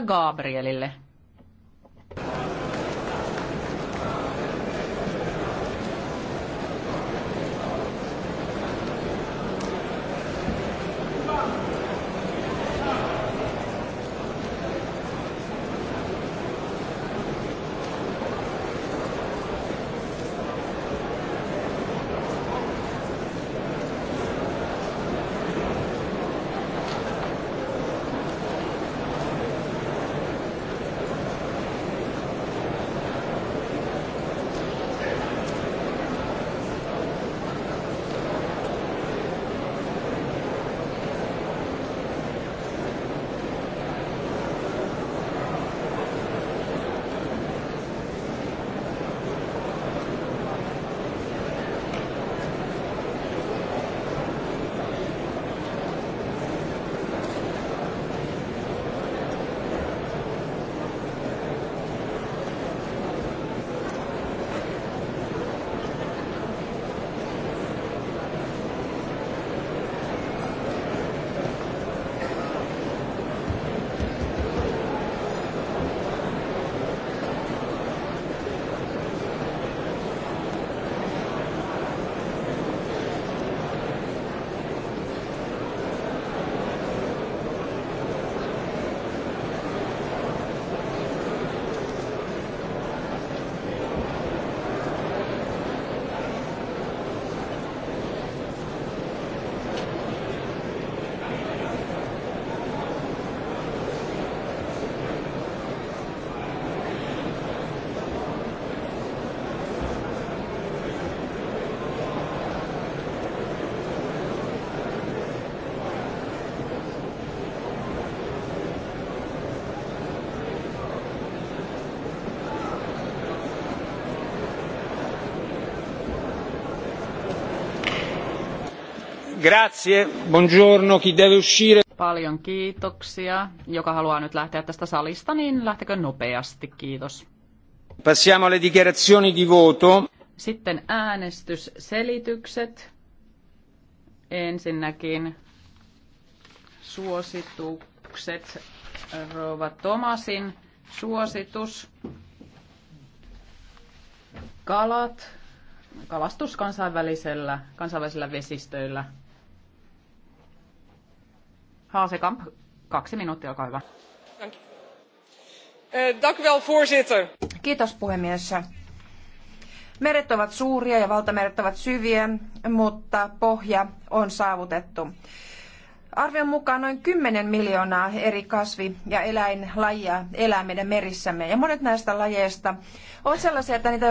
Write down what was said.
Gabrielille. Grazie, buongiorno, chi deve uscire. Paljon kiitoksia. Joka haluaa nyt lähteä tästä salista, niin lähtekö nopeasti, kiitos. Passiamo alle dichiarazioni di voto. Sitten äänestysselitykset. Ensinnäkin suositukset. Rouva Tomasin suositus. Kalat. Kalastus kansainvälisellä, kansainvälisillä vesistöillä Haasekamp, kaksi minuuttia, olkaa hyvä. Dank eh, wel, voorzitter. Kiitos puhemies. Meret ovat suuria ja valtameret ovat syviä, mutta pohja on saavutettu. Arvion mukaan noin 10 miljoonaa eri kasvi- ja eläinlajia elää meidän merissämme, ja monet näistä lajeista on sellaisia, että niitä